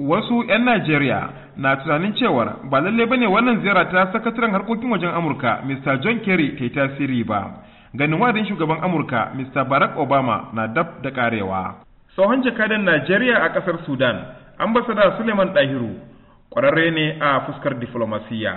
wasu 'yan Najeriya na tunanin cewar ba lalle bane wannan ziyara ta sakataren harkokin wajen Amurka Mr. John Kerry ta yi tasiri ba. Ganin wadin shugaban Amurka Mr. Barack Obama na dab da karewa. Tsohon jakadan Najeriya a ƙasar Sudan, ambasada Suleiman Dahiru, ƙwararre ne a fuskar diflomasiyya.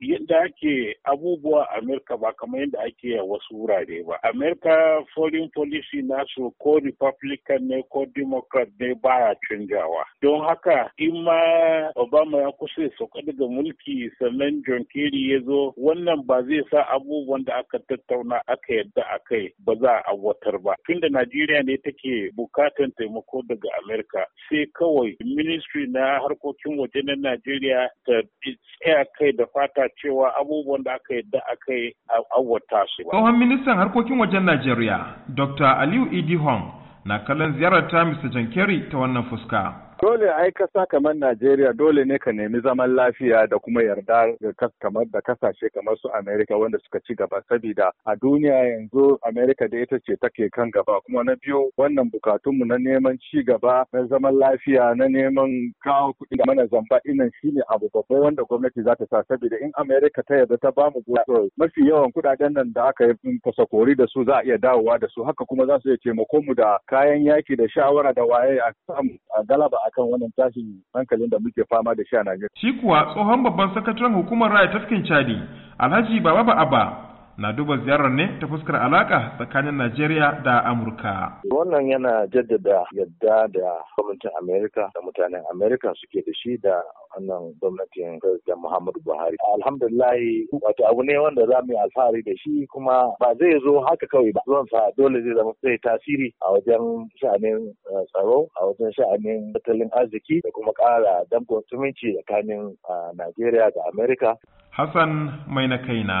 yadda ake abubuwa a Amerika ba kamar yadda ake a wasu wurare ba. Amerika foreign policy nasu ko Republican ne ko Democrat ne baya canjawa. Don haka in ma Obama ya kusa sauka daga mulki sannan John Kerry ya zo wannan ba zai sa abubuwan da aka tattauna aka yadda a kai ba za a watar ba. Tunda Najeriya ne take bukatan taimako daga Amerika sai kawai ministry na harkokin waje na Najeriya ta tsaya kai da fata cewa abubuwan da aka yadda aka yi awwata su ba. Tsohon ministan harkokin wajen Najeriya, Dr. Aliyu Idi Hong, na kallon ziyarar ta Mr. Jankeri ta wannan fuska. Dole ai kasa kamar Najeriya dole ne ka nemi zaman lafiya da kuma yarda kamar da kasashe kamar su Amerika wanda suka ci gaba sabida a duniya yanzu Amerika da ita ce take kan gaba kuma na biyu wannan bukatunmu na neman ci gaba na zaman lafiya na neman kawo kuɗi da mana zamba inan shine abu babba wanda gwamnati za ta sa sabida in Amerika ta yarda ta bamu goyon mafi yawan kuɗaɗen nan da aka yi fasakori da su za a iya dawowa da su haka kuma za su iya taimako mu da kayan yaki da shawara da waye a samu a galaba a akan wannan tashin hankalin da muke fama da shi a Najeriya. Shi kuwa tsohon babban sakataren hukumar raya tafkin Chadi Alhaji Baba abba na duba ziyarar ne ta fuskar alaka tsakanin Najeriya da Amurka. Wannan yana jaddada yadda da gwamnatin Amerika da mutanen Amerika suke da shi da wannan gwamnatin President Muhammadu Buhari. Alhamdulillahi wato abu ne wanda za mu yi alfahari da shi kuma ba zai zo haka kawai ba. Zuwan sa dole zai zama zai tasiri a wajen sha'anin eh, tsaro, a wajen sha'anin tattalin arziki da kuma ƙara dangon zumunci tsakanin eh, Najeriya da Amerika. Hassan mai na kaina.